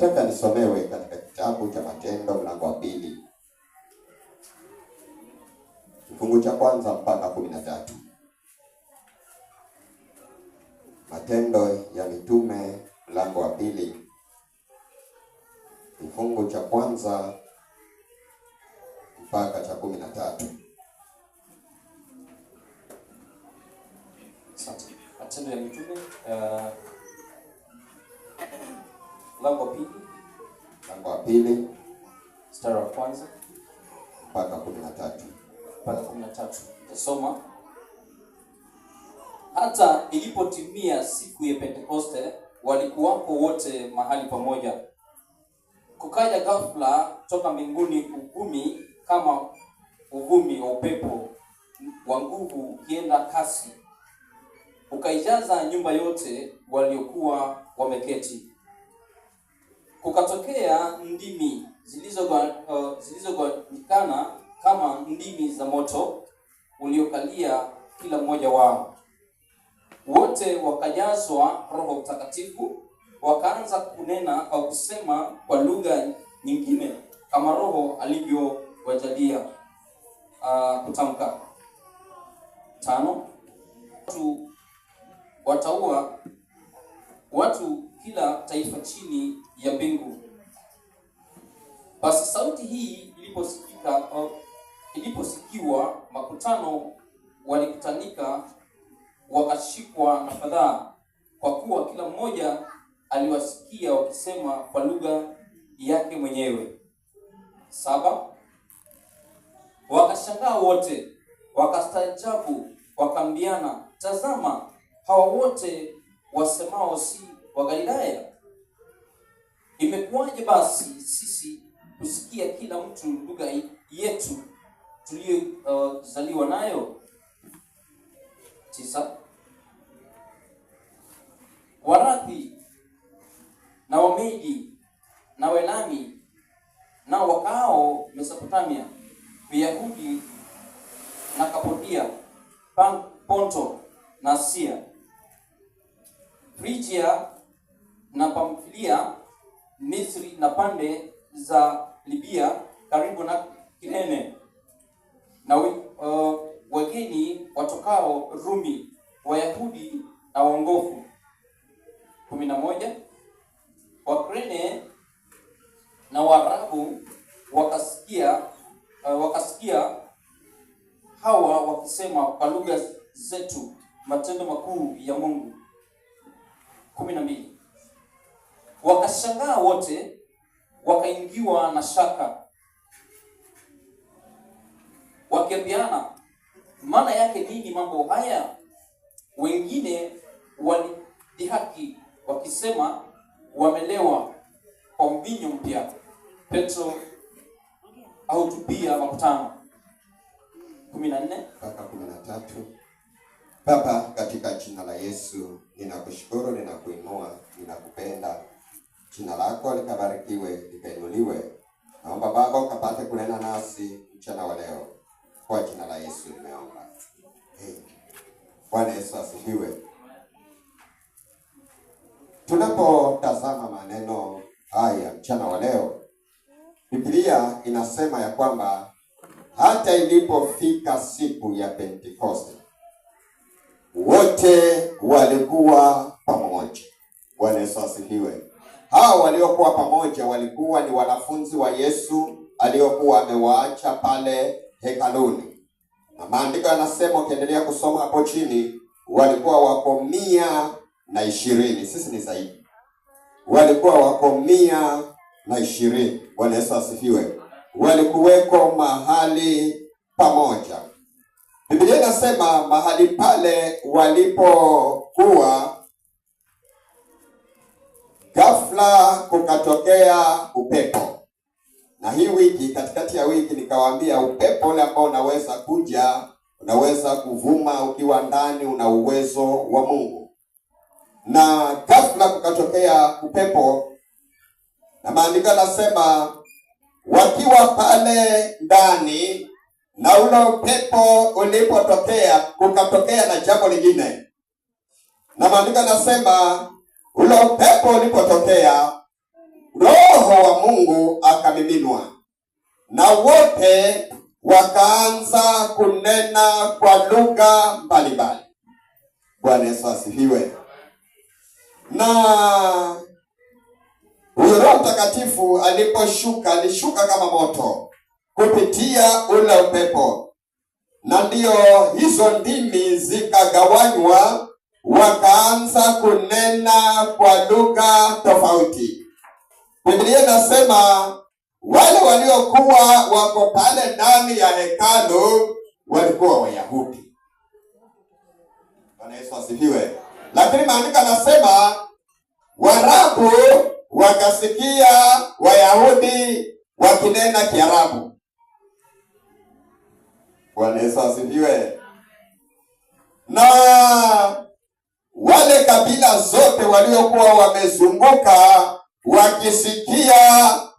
Nataka nisomewe katika kitabu cha Matendo mlango wa pili kifungu cha kwanza mpaka kumi na tatu. Matendo ya Mitume mlango wa pili kifungu cha kwanza mpaka cha kumi na tatu. Matendo ya Mitume uh mlango wa pili mlango wa pili mstari wa kwanza mpaka kumi na tatu mpaka kumi na tatu hata ilipotimia siku ya pentekoste walikuwako wote mahali pamoja kukaja ghafla toka mbinguni uvumi kama uvumi wa upepo wa nguvu ukienda kasi ukaijaza nyumba yote waliokuwa wameketi Kukatokea ndimi zilizogwanikana uh, zilizo kama ndimi za moto uliokalia kila mmoja wao. Wote wakajazwa Roho Mtakatifu, wakaanza kunena au kusema kwa lugha nyingine kama Roho alivyowajalia uh, kutamka. Tano, watu wataua watu kila taifa chini ya mbingu. Basi sauti hii iliposikika, uh, iliposikiwa, makutano walikutanika wakashikwa na fadhaa, kwa kuwa kila mmoja aliwasikia wakisema kwa lugha yake mwenyewe. Saba, wakashangaa wote, wakastaajabu, wakaambiana, tazama, hawa wote wasemao si wa Galilaya. Imekuwaje basi sisi kusikia kila mtu lugha yetu tuliyozaliwa uh, nayo? Tisa, Warathi na Wamedi na Welami na wakao Mesopotamia, Uyahudi na Kapodia, Ponto na Asia, Frigia na Pamfilia, Misri na pande za Libia karibu na Kirene, na uh, wageni watokao Rumi, Wayahudi na waongofu. kumi na moja. Wakrene na Waarabu wakasikia uh, wakasikia hawa wakisema kwa lugha zetu matendo makuu ya Mungu. kumi na mbili. Wakashangaa wote, wakaingiwa na shaka, wakiambiana, maana yake nini mambo haya? Wengine walidhihaki wakisema, wamelewa kwa mvinyo mpya. Petro ahutubia makutano. kumi na nne mpaka kumi na tatu. Baba, katika jina la Yesu ninakushukuru, ninakuinua, ninakupenda Jina lako likabarikiwe, likainuliwe. Naomba Baba ukapate kunena nasi mchana wa leo, kwa jina la Yesu nimeomba. Hey. Bwana Yesu asifiwe. Tunapotazama maneno haya mchana wa leo, Biblia inasema ya kwamba hata ilipofika siku ya Pentekoste wote walikuwa pamoja. Bwana Yesu asifiwe. Hao waliokuwa pamoja walikuwa ni wanafunzi wa Yesu aliyokuwa amewaacha pale hekaluni, na maandiko yanasema, ukiendelea kusoma hapo chini, walikuwa wako mia na ishirini. Sisi ni zaidi, walikuwa wako mia na ishirini. Bwana Yesu asifiwe. Walikuweko mahali pamoja. Biblia inasema mahali pale walipokuwa ghafla kukatokea upepo, na hii wiki, katikati ya wiki, nikawaambia upepo ule ambao unaweza kuja, unaweza kuvuma ukiwa ndani, una uwezo wa Mungu. Na ghafla kukatokea upepo, na maandiko yanasema wakiwa pale ndani na ule upepo ulipotokea, kukatokea na jambo lingine, na maandiko yanasema Ule upepo ulipotokea, Roho wa Mungu akamiminwa, na wote wakaanza kunena kwa lugha mbalimbali. Bwana Yesu asifiwe. Na huyo Roho Mtakatifu aliposhuka, alishuka kama moto kupitia ule upepo, na ndiyo hizo ndimi zikagawanywa wakaanza kunena kwa lugha tofauti. Biblia inasema wale waliokuwa wako pale ndani ya hekalu walikuwa Wayahudi. Bwana Yesu asifiwe. Lakini maandiko anasema Warabu wakasikia Wayahudi wakinena Kiarabu. Bwana Yesu asifiwe. Na wale kabila zote waliokuwa wamezunguka wakisikia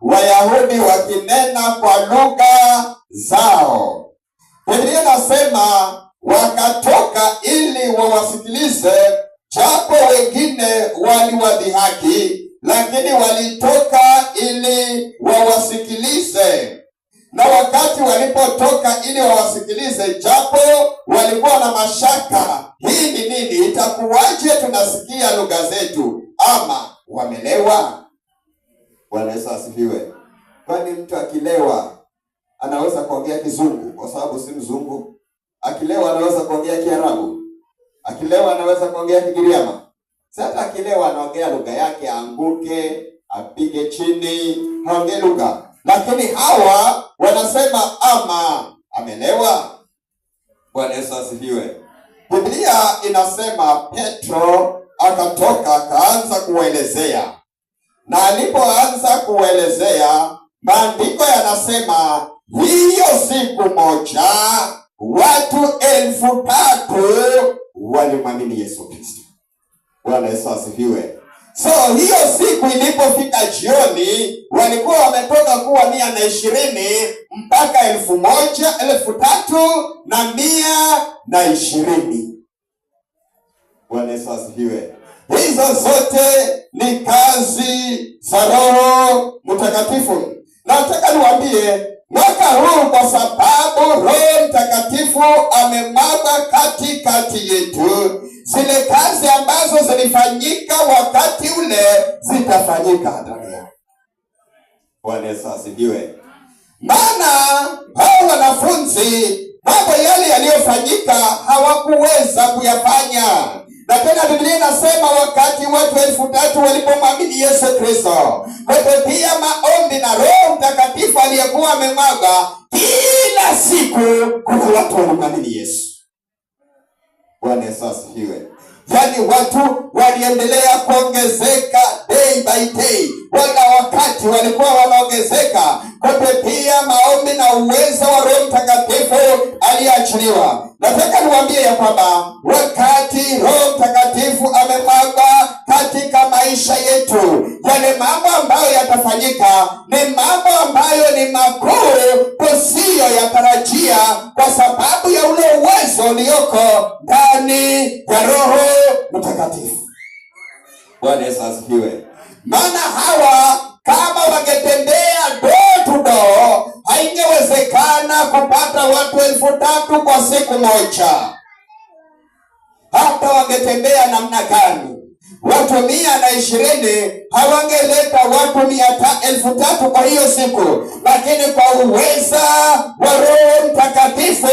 Wayahudi wakinena kwa lugha zao. Biblia nasema wakatoka ili wawasikilize, japo wengine waliwadhihaki, lakini walitoka ili wawasikilize na wakati walipotoka ili wawasikilize, japo walikuwa na mashaka, hii ni nini? Itakuwaje tunasikia lugha zetu? Ama wamelewa? Bwana Yesu asifiwe. Kwani mtu akilewa anaweza kuongea Kizungu kwa sababu si mzungu? Akilewa anaweza kuongea Kiarabu? Akilewa anaweza kuongea Kigiriama? sata akilewa anaongea lugha yake, aanguke, apige chini, haongee lugha. Lakini hawa wanasema ama amelewa. Bwana Yesu asifiwe. Biblia inasema Petro akatoka akaanza kuwaelezea, na alipoanza kuwaelezea, maandiko yanasema hiyo siku moja watu elfu tatu walimwamini Yesu Kristo. Bwana Yesu asifiwe. So hiyo siku ilipofika jioni, walikuwa wametoka kuwa mia na ishirini mpaka elfu moja elfu tatu na mia na ishirini. Bwana Yesu asifiwe. Hizo zote ni kazi za Roho Mtakatifu. Nataka niwaambie mwaka huu, kwa sababu Roho Mtakatifu amemwaga katikati yetu zile kazi ambazo zilifanyika wakati ule zitafanyika hata leo. Bwana Yesu asifiwe. Maana hao wanafunzi mambo yale yaliyofanyika hawakuweza kuyafanya, na tena Biblia inasema wakati watu elfu tatu walipomwamini Yesu Kristo, kupitia maombi na Roho Mtakatifu aliyekuwa amemwaga kila siku, kuna watu walimwamini Yesu. Bwana Yesu asifiwe. Yaani watu waliendelea kuongezeka day by day. Bwana, wakati walikuwa wanaongezeka kupitia maombi na uwezo wa Roho Mtakatifu aliyeachiliwa. Nataka niwaambie ya kwamba wakati Roho Mtakatifu amemwaga katika maisha yetu, yale mambo ambayo yatafanyika ni mambo ambayo ni makuu ya yatarajia, kwa sababu ya ule uwezo ulioko ndani ya Roho Mtakatifu. Bwana Yesu asifiwe maana hawa kama wangetembea door to haingewezekana kupata watu elfu tatu kwa siku moja, hata wangetembea namna gani watu mia na ishirini hawangeleta watu mia ta, elfu tatu kwa hiyo siku, lakini kwa uweza wa Roho Mtakatifu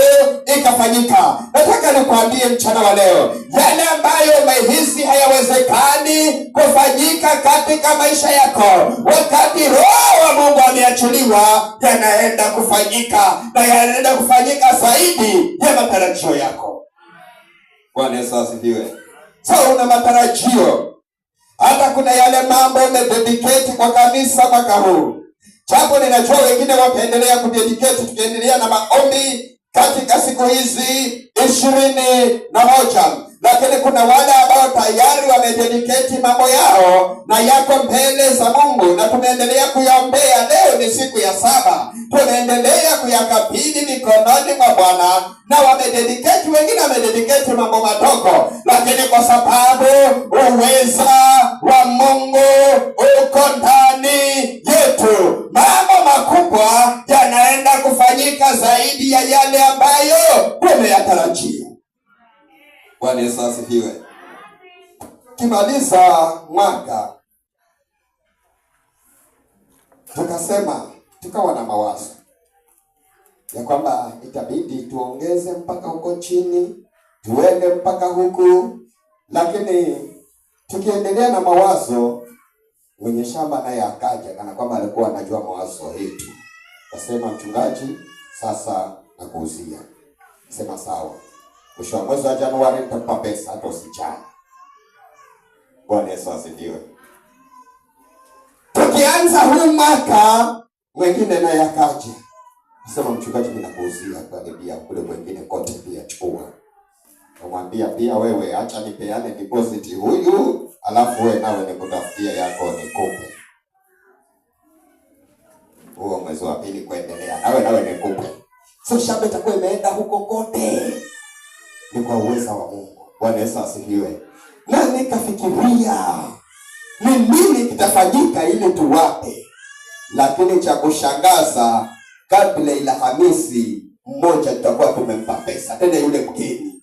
ikafanyika. Nataka nikuambie mchana wa leo, yale ambayo umehisi hayawezekani kufanyika katika maisha yako, wakati Roho wa Mungu ameachiliwa, yanaenda kufanyika na yanaenda kufanyika zaidi ya matarajio yako. Bwana Yesu asifiwe sawa, una matarajio. Hata kuna yale mambo umededicate kwa kanisa mwaka huu, japo ninajua wengine wataendelea kudedicate, tukiendelea na maombi katika siku hizi ishirini na moja lakini kuna wale ambao tayari wamedediketi mambo yao na yako mbele za Mungu, na tunaendelea kuyaombea. Leo ni siku ya saba, tunaendelea kuyakabidhi mikononi mwa Bwana, na wamedediketi wengine, wamedediketi mambo madogo, lakini kwa sababu uweza wa Mungu uko ndani yetu, mambo makubwa yanaenda kufanyika zaidi ya yale ambayo tumeyatarajia. Bwana Yesu asifiwe. Kimaliza mwaka tukasema, tukawa na mawazo ya kwamba itabidi tuongeze mpaka huko chini, tuende mpaka huku, lakini tukiendelea na mawazo, mwenye shamba naye akaja kana kwamba alikuwa anajua mawazo yetu, kasema, mchungaji, sasa nakuuzia. Sema sawa Mwisho wa mwezi wa Januari nitakupa pesa, hata usichana. Bwana Yesu asifiwe. Tukianza huu mwaka wengine naye akaja sema, mchungaji, ninakuuzia karibia kule mwengine kote pia chukua. Namwambia pia wewe, acha nipeane deposit huyu, alafu wewe nawe nikutafutia yako nikupe huo mwezi wa pili kuendelea, nawe nawe nikupe. So shamba itakuwa imeenda huko kote ni kwa uweza wa Mungu. Bwana Yesu asifiwe. Na nikafikiria ni nini kitafanyika ili tuwape, lakini cha kushangaza, kabla ila Hamisi mmoja tutakuwa tumempa pesa, tena yule mgeni.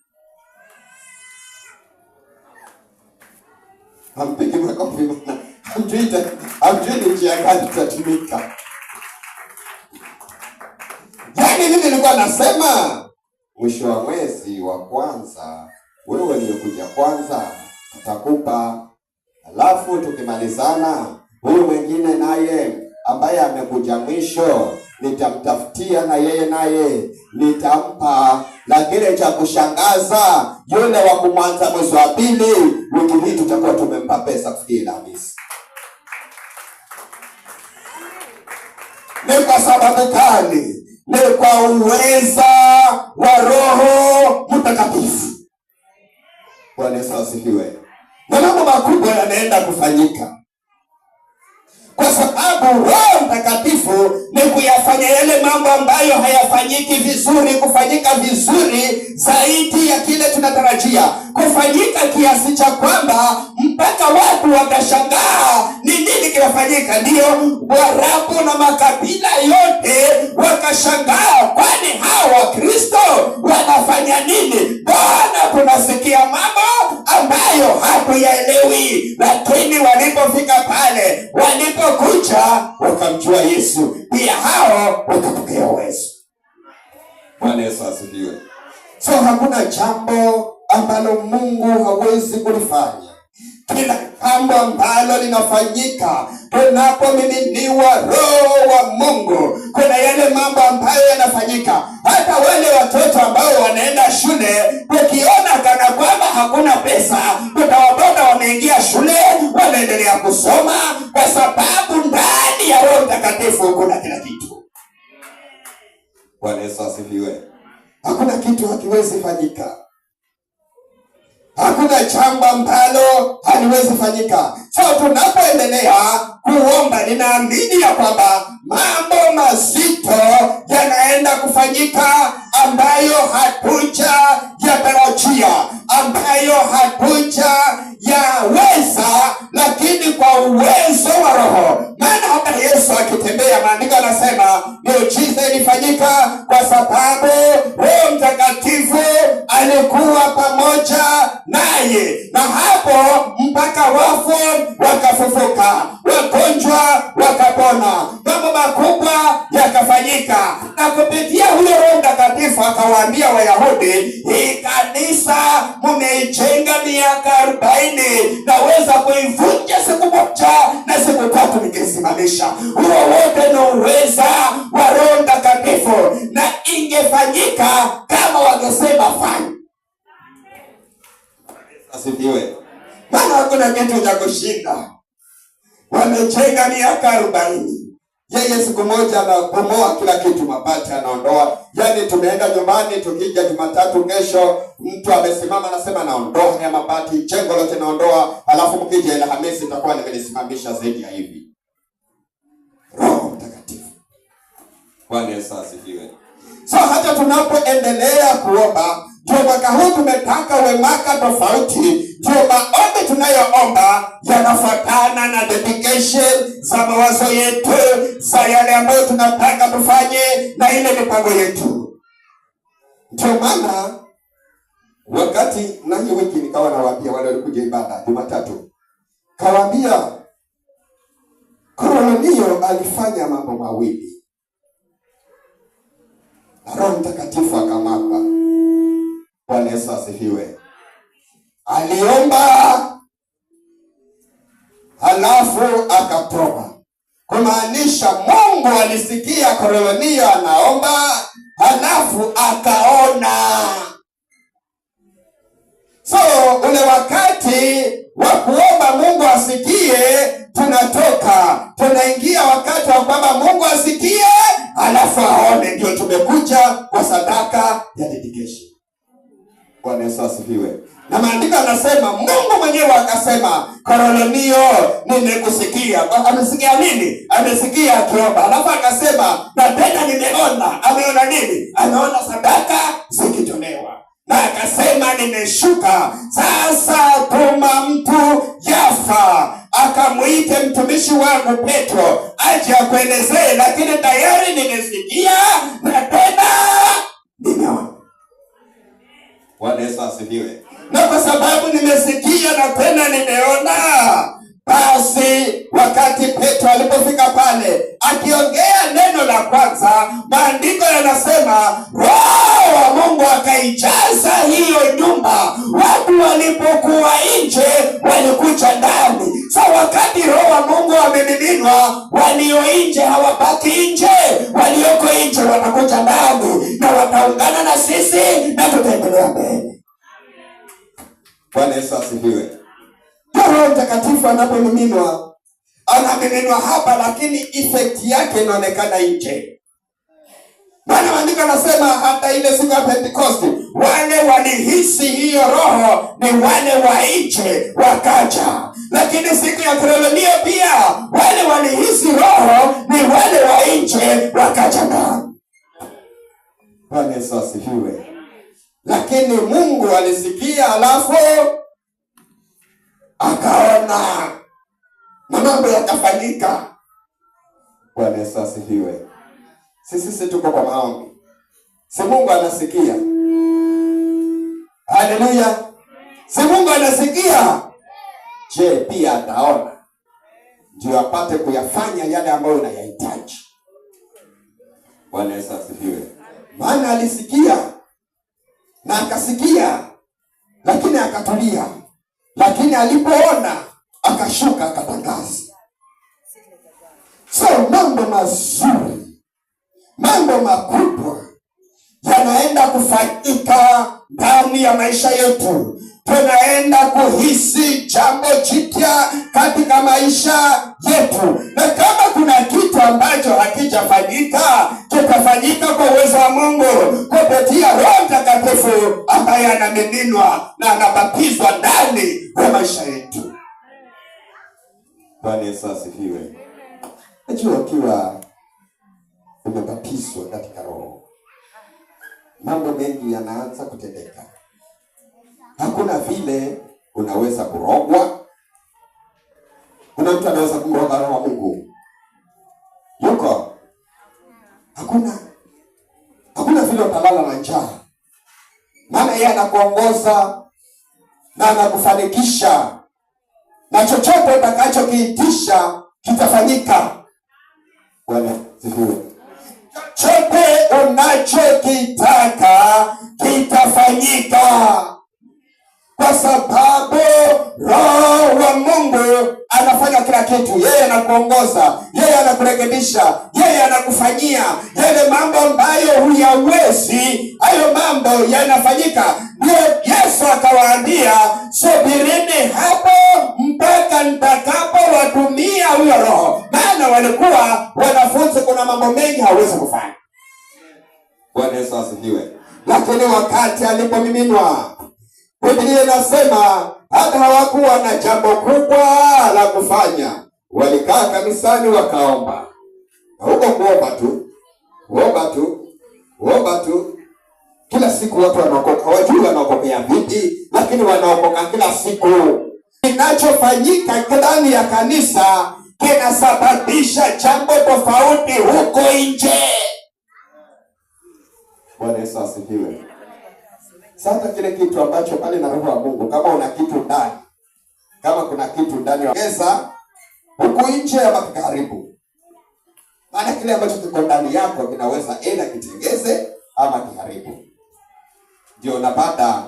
Hampigi makofi, hamjui ni njia gani tutatumika. Yani mimi nilikuwa nasema Mwisho wa mwezi wa kwanza, wewe uliokuja kwanza atakupa, alafu tukimalizana, huyu mwingine naye ambaye amekuja mwisho nitamtafutia na yeye naye nitampa. Na kile cha kushangaza, yule wa kumwanza mwezi wa pili, wiki hii tutakuwa tumempa pesa kufikia Alhamisi. Ni kwa sababu gani? ni kwa uweza wa Roho Mtakatifu. Bwana Yesu asifiwe, na mambo makubwa yanaenda kufanyika kwa sababu Roho Mtakatifu ni kuyafanya yale mambo ambayo hayafanyiki vizuri kufanyika vizuri zaidi ya kile tunatarajia kufanyika, kiasi cha kwamba mpaka watu wakashangaa ni nini kinafanyika. Ndiyo, Warabu na makabila yote wakashangaa, kwani hawa Wakristo wanafanya nini? Bwana, tunasikia mambo ambayo hatuyaelewa walipofika pale, walipokucha wakamjua Yesu, pia hao wakapokea uwezo. Bwana Yesu asifiwe. So hakuna jambo ambalo Mungu hawezi kulifanya kila jambo ambalo linafanyika unapomiminiwa Roho wa Mungu, kuna yale mambo ambayo yanafanyika. Hata wale watoto ambao wanaenda shule, ukiona kana kwamba hakuna pesa, utawapata wameingia shule, wanaendelea kusoma, kwa sababu ndani ya Roho Mtakatifu kuna kila kitu. Bwana Yesu asifiwe. Hakuna kitu hakiwezi fanyika hakuna jambo ambalo haliwezi fanyika. So tunapoendelea kuomba, ninaamini ya kwamba mambo mazito yanaenda kufanyika ambayo hatuja yatarajia ambayo yaweza lakini kwa uwezo wa Roho. Maana hata Yesu akitembea, maandiko anasema miujiza ilifanyika kwa sababu Roho Mtakatifu alikuwa pamoja naye, na hapo mpaka wafu wakafufuka, wagonjwa wakapona, mambo makubwa yakafanyika, na kupitia huyo Roho Mtakatifu akawaambia Wayahudi hii kanisa umeijenga miaka arobaini, naweza kuivunja siku moja na siku tatu nikaisimamisha. Huo wote ni uweza wa Roho Mtakatifu, na ingefanyika kama wangesema fanya. Asifiwe. Maana hakuna kitu cha kushinda, wamejenga miaka arobaini yeye siku moja anabomoa kila kitu, mabati anaondoa. yani tumeenda nyumbani, tukija Jumatatu kesho, mtu amesimama anasema naondoa haya mabati, jengo lote naondoa, alafu mkija Alhamisi itakuwa nimelisimamisha zaidi ya hivi. Roho Mtakatifu. Bwana Yesu asifiwe. So hata tunapoendelea kuomba tio mwaka huu tumetaka wemaka tofauti. Ndio maombi tunayoomba yanafuatana na dedication za mawazo yetu, za yale ambayo tunataka tufanye na ile mipango yetu. Ndio maana wakati na hiyo wiki nikawa nawaambia wale walikuja ibada Jumatatu, kawaambia Kornelio alifanya mambo mawili, Roho Mtakatifu akamwapa Bwana Yesu asifiwe. Aliomba halafu akatoba, kumaanisha Mungu alisikia Kornelio anaomba halafu akaona. So ule wakati wa kuomba Mungu asikie, tunatoka tunaingia wakati wa kwamba Mungu asikie halafu aone, ndio tumekuja kwa sadaka ya dedication. Bwana Yesu asifiwe. Na maandiko anasema Mungu mwenyewe akasema, Kornelio, nimekusikia. Amesikia nini? Amesikia akiomba, alafu akasema na tena nimeona. Ameona nini? Ameona sadaka zikitolewa, na akasema nimeshuka sasa, tuma mtu Yafa akamwite mtumishi wangu Petro aje akuelezee, lakini tayari Yesu asifiwe. Na kwa sababu nimesikia na tena nimeona, basi wakati Petro alipofika pale akiongea neno la kwanza, maandiko yanasema Roho wa Mungu akaijaza hiyo nyumba. Watu walipokuwa nje walikuja ndani. Sa so, wakati Roho wa Mungu amemiminwa, walio nje hawabaki nje, walioko nje wanakucha ndani na wataungana na sisi na tutaendelea mbele. Bwana Yesu asifiwe. Roho Mtakatifu anapomiminwa, anamiminwa hapa, lakini effect yake inaonekana nje. Maana maandiko anasema hata ile siku ya Pentekoste wale walihisi hiyo roho ni wale wa nje wakaja, lakini siku ya Kornelio pia wale walihisi roho ni wale wa nje wakaja Bwana Yesu asifiwe lakini Mungu alisikia, alafu akaona na mambo yakafanyika. Bwana Yesu asifiwe. Sisi si tuko kwa maombi, si Mungu anasikia? Haleluya! si Mungu anasikia? Je, pia ataona ndio apate kuyafanya yale ambayo unayahitaji. Bwana Yesu asifiwe. Maana alisikia na akasikia, lakini akatulia, lakini alipoona akashuka akatangaza. So mambo mazuri, mambo makubwa yanaenda kufanyika ndani ya maisha yetu. Tunaenda kuhisi jambo jipya katika maisha yetu, na kama kuna kitu ambacho kitafanyika, kitafanyika kwa uwezo wa Mungu kupitia Roho Mtakatifu ambaye anamiminwa na anabatizwa ndani ya maisha yetu. Bwana Yesu asifiwe. Najua ukiwa umebatizwa katika Roho, mambo mengi yanaanza kutendeka. Hakuna vile unaweza kurogwa. Kuna mtu anaweza kumroga Roho wa Mungu yuko Hakuna hakuna vile utalala na njaa, maana yeye anakuongoza na anakufanikisha na chochote utakachokiitisha kitafanyika. Bwana sifiwe. Chochote unachokitaka kitafanyika kwa sababu Roho wa Mungu anafanya kila kitu, yeye anakuongoza, yeye anakurekebisha, yeye anakufanyia yale mambo ambayo huyawezi. Hayo mambo yanafanyika. Ndiyo Yesu akawaambia, subirini hapo mpaka watumia huyo Roho, maana walikuwa wanafunzi, kuna mambo mengi hawezi kufanya. Bwana Yesu asifiwe. Lakini wakati alipomiminwa Biblia inasema hata hawakuwa na jambo kubwa la kufanya, walikaa kanisani wakaomba. Huko kuomba tu, kuomba tu, kuomba tu kila siku. Watu wanaokoka hawajui wanaokokea vipi, lakini wanaokoka kila siku. Kinachofanyika ndani ya kanisa kinasababisha jambo tofauti huko nje. Bwana Yesu asifiwe. Sasa kile kitu ambacho pale na roho ya Mungu, kama una kitu ndani, kama kuna kitu ndani, ongeza huku nje ama karibu, maana kile ambacho kiko ndani yako kinaweza enda kitengeze ama kiharibu. Ndio unapata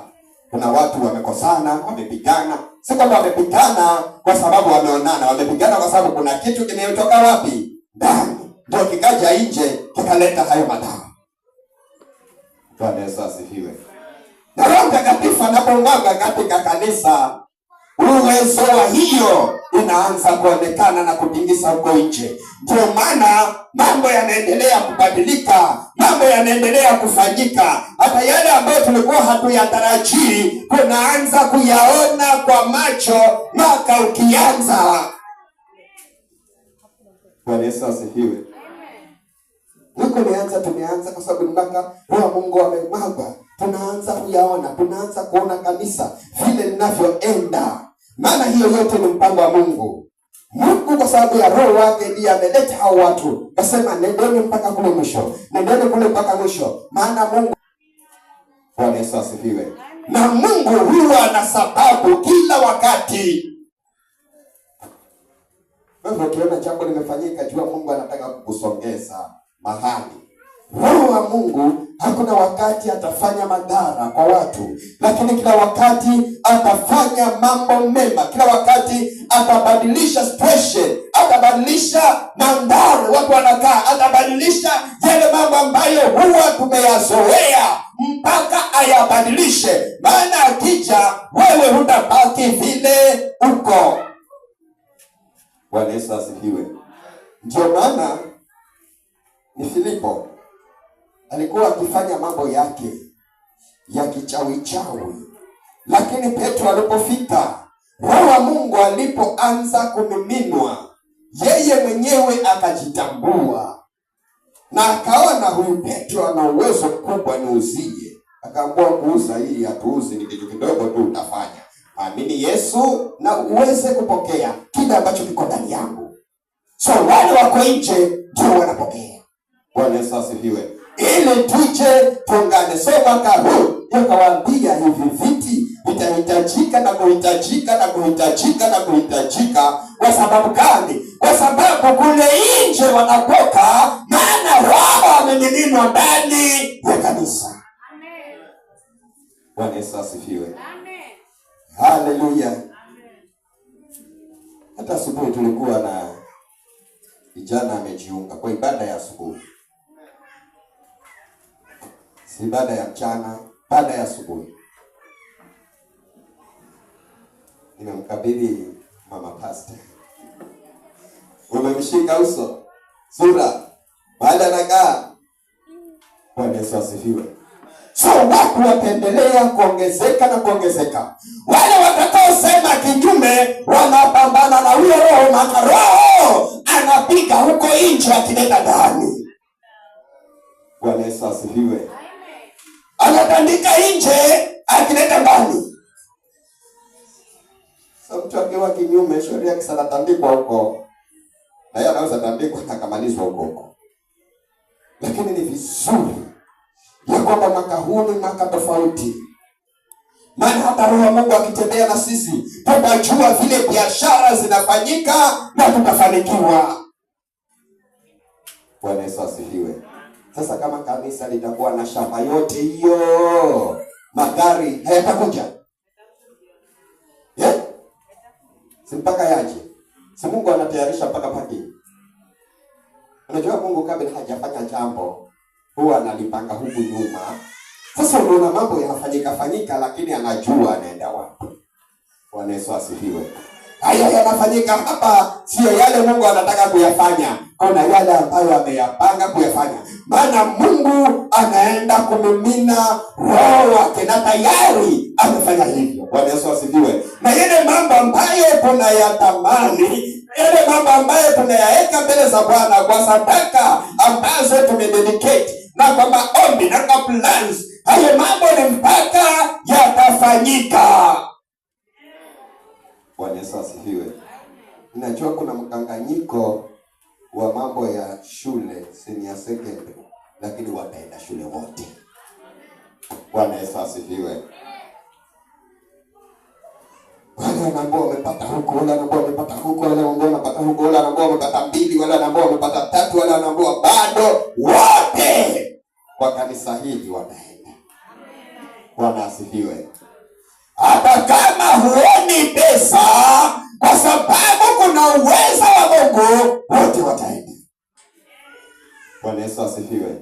kuna watu wamekosana, wamepigana. Si kwamba wamepigana kwa sababu wameonana, wamepigana kwa sababu kuna kitu kimetoka wapi? Ndani, ndio kikaja nje kikaleta hayo madhara. Bwana Yesu asifiwe na Roho Mtakatifu anapomwaga katika kanisa, uwezo wa hiyo inaanza kuonekana na kupingisa huko nje. Ndio maana mambo yanaendelea kubadilika, mambo yanaendelea kufanyika, hata yale ambayo tulikuwa hatuyatarajii tunaanza kuyaona kwa macho mwaka ukianza. Bwana Yesu asifiwe. Huko nianza tumeanza kwa sababu mpaka roho Mungu amemwaga, tunaanza kuyaona, tunaanza kuona kanisa vile linavyoenda. Maana hiyo yote ni mpango wa Mungu. Mungu kwa sababu ya roho wake ndiye ameleta hao watu, nasema nendeni mpaka kule mwisho, nendeni kule mpaka mwisho, maana Mungu. Bwana Yesu asifiwe. Na Mungu huwa na sababu kila wakati. Wewe ukiona jambo limefanyika, jua Mungu anataka kukusongeza amani. Roho wa Mungu hakuna wakati atafanya madhara kwa watu, lakini kila wakati atafanya mambo mema, kila wakati atabadilisha situation, atabadilisha mandhari watu wanakaa, atabadilisha yale mambo ambayo huwa tumeyazoea mpaka ayabadilishe, maana akija wewe hutabaki vile uko. Bwana Yesu asifiwe. Ndio maana filipo alikuwa akifanya mambo yake ya kichawichawi, lakini Petro alipofika, roho wa Mungu alipoanza kumiminwa, yeye mwenyewe akajitambua na akaona huyu Petro ana uwezo mkubwa, niuzie. Akaamua kuuza hii atuuze, ni kitu kidogo tu utafanya Amini Yesu na uweze kupokea kile ambacho kiko ndani yangu. So wale wako nje ndio wanapokea. Bwana Yesu asifiwe. Ili tuje tuungane. So mwaka huu yakawaambia hivi viti vitahitajika na kuhitajika na kuhitajika na kuhitajika. Kwa sababu gani? Kwa sababu kule nje wanatoka, maana Roho amemiminwa ndani ya kanisa. Bwana Yesu asifiwe. Haleluya. Hata asubuhi tulikuwa na vijana amejiunga kwa ibada ya asubuhi ibada ya mchana, baada ya asubuhi. Nimemkabidhi mama pasta. Umemshika uso, sura, mahali anakaa. Bwana Yesu asifiwe. So watu wataendelea kuongezeka na kuongezeka. Wale watakaosema kinyume wanapambana na huyo roho, maana roho anapiga huko nje akileta ndani. Bwana Yesu asifiwe anatandika nje akileta ndani. Mtu akiwa kinyume sheria, kisa anatandikwa huko, na yeye anaweza tandikwa atakamalizwa huko huko. Lakini ni vizuri ya kwamba mwaka huu ni mwaka tofauti, maana hata Roho Mungu akitembea na sisi tutajua vile biashara zinafanyika na tutafanikiwa. Bwana Yesu asifiwe. Sasa kama kanisa litakuwa na shamba yote hiyo, magari hayatakuja yeah? si mpaka yaje, si Mungu anatayarisha mpaka pake. Unajua Mungu kabla hajafanya jambo huwa analipanga huku nyuma. Sasa unaona mambo yanafanyika fanyika, lakini anajua anaenda wapi. Bwana Yesu asifiwe yale yanafanyika hapa sio yale Mungu anataka kuyafanya, kuna yale ambayo ameyapanga kuyafanya, maana Mungu anaenda kumimina roho wake na tayari amefanya hivyo. Bwana Yesu asifiwe. Na yale mambo ambayo tunayatamani yale mambo ambayo tunayaweka mbele za Bwana kwa sadaka ambazo tumededicate na kwa maombi na kwa plans, hayo mambo ni mpaka yatafanyika. Bwana Yesu asifiwe. Najua kuna mkanganyiko wa mambo ya shule senior secondary, lakini wataenda shule wote. Bwana Yesu asifiwe. Wale wanaambia wamepata huku, wale wanaambia wamepata huku, wale wanaambia wamepata huku, wale wanaambia wamepata mbili, wale wanaambia wamepata tatu, wale wanaambia bado, wote kwa kanisa hili wataenda. Bwana asifiwe hata kama huoni pesa, kwa sababu kuna uwezo wa Mungu, wote wataenda. Bwana Yesu asifiwe.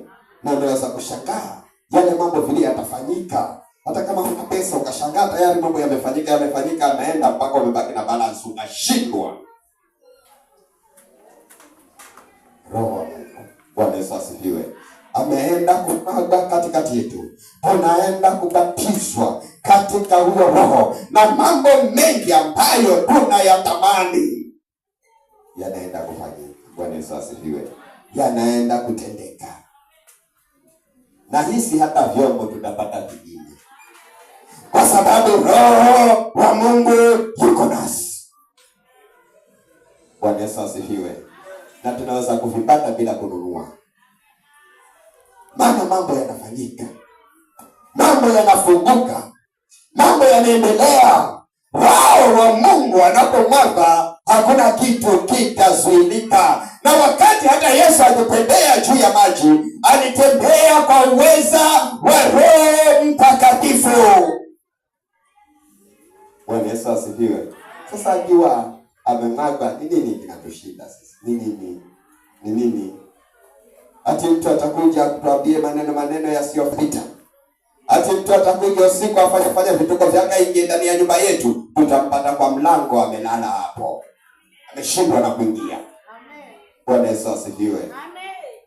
Na unaweza kushangaa yale mambo vile yatafanyika, hata kama huna pesa, ukashangaa tayari mambo yamefanyika, yamefanyika, anaenda mpaka umebaki na balance, unashindwa. Roho Bwana Yesu asifiwe ameenda kumwaga katikati yetu, tunaenda kubatizwa katika huyo Roho, na mambo mengi ambayo tunayatamani yanaenda kufanyika. Bwana Yesu asifiwe, yanaenda kutendeka, na hisi hata vyombo tutapata vingine, kwa sababu Roho wa Mungu yuko nasi. Bwana Yesu asifiwe, na tunaweza kuvipata bila kununua maana mambo yanafanyika, mambo yanafunguka, mambo yanaendelea. Wao wa Mungu wanapomwaga hakuna kitu kitazuilika. Na wakati hata Yesu alitembea juu ya maji, alitembea kwa uweza wa Roho Mtakatifu. Bwana Yesu asifiwe. Sasa akiwa amemwaga, ni nini kinatushinda sisi? Ni nini? Ni nini Ati mtu atakuja kutuambie maneno maneno yasiyopita. Ati mtu atakuja usiku afanye fanya vituko vyake ingie ndani ya nyumba yetu, tutampata kwa mlango amelala hapo. Ameshindwa na kuingia. Amen. Bwana Yesu asifiwe. Amen.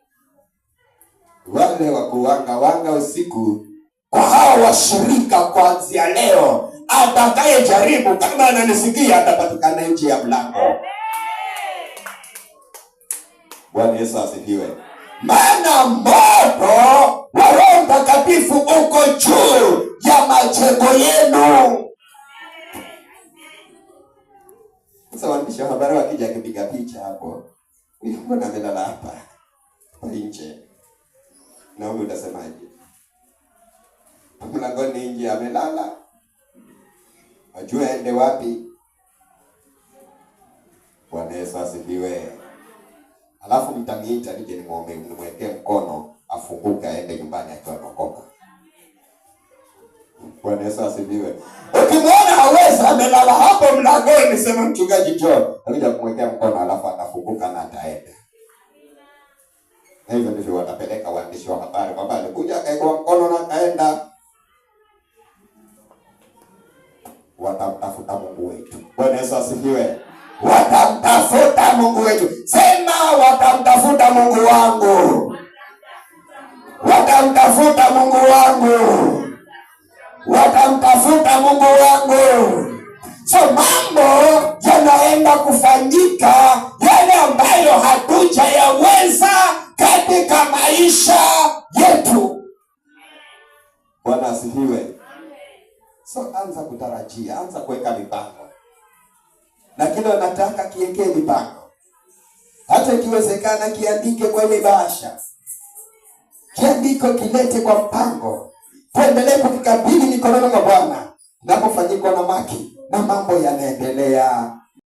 Wale wa kuwanga wanga usiku kwa hao washirika, kuanzia leo atakaye jaribu kama ananisikia atapatikana nje ya mlango. Bwana Yesu asifiwe maana moto wa Roho Mtakatifu uko juu ya majengo yenu. Sasa waandishi wa habari wakija, akipiga picha hapo, mbona amelala hapa kwa nje? Naomba utasemaje? Mlangoni nje amelala, wajue aende wapi? Bwana Yesu asifiwe alafu mtaniita nije nimwombe, nimwekee mkono afunguke aende nyumbani akiwa ameokoka. Bwana Yesu asifiwe. Ukimwona hawezi amelala hapo mlangoni, niseme mchungaji, njoo, alikuja kumwekea mkono alafu anafunguka na ataenda. Hivyo ndivyo wanapeleka waandishi wa habari.